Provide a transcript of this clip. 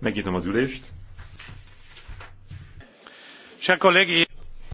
Megnyitom az ülést.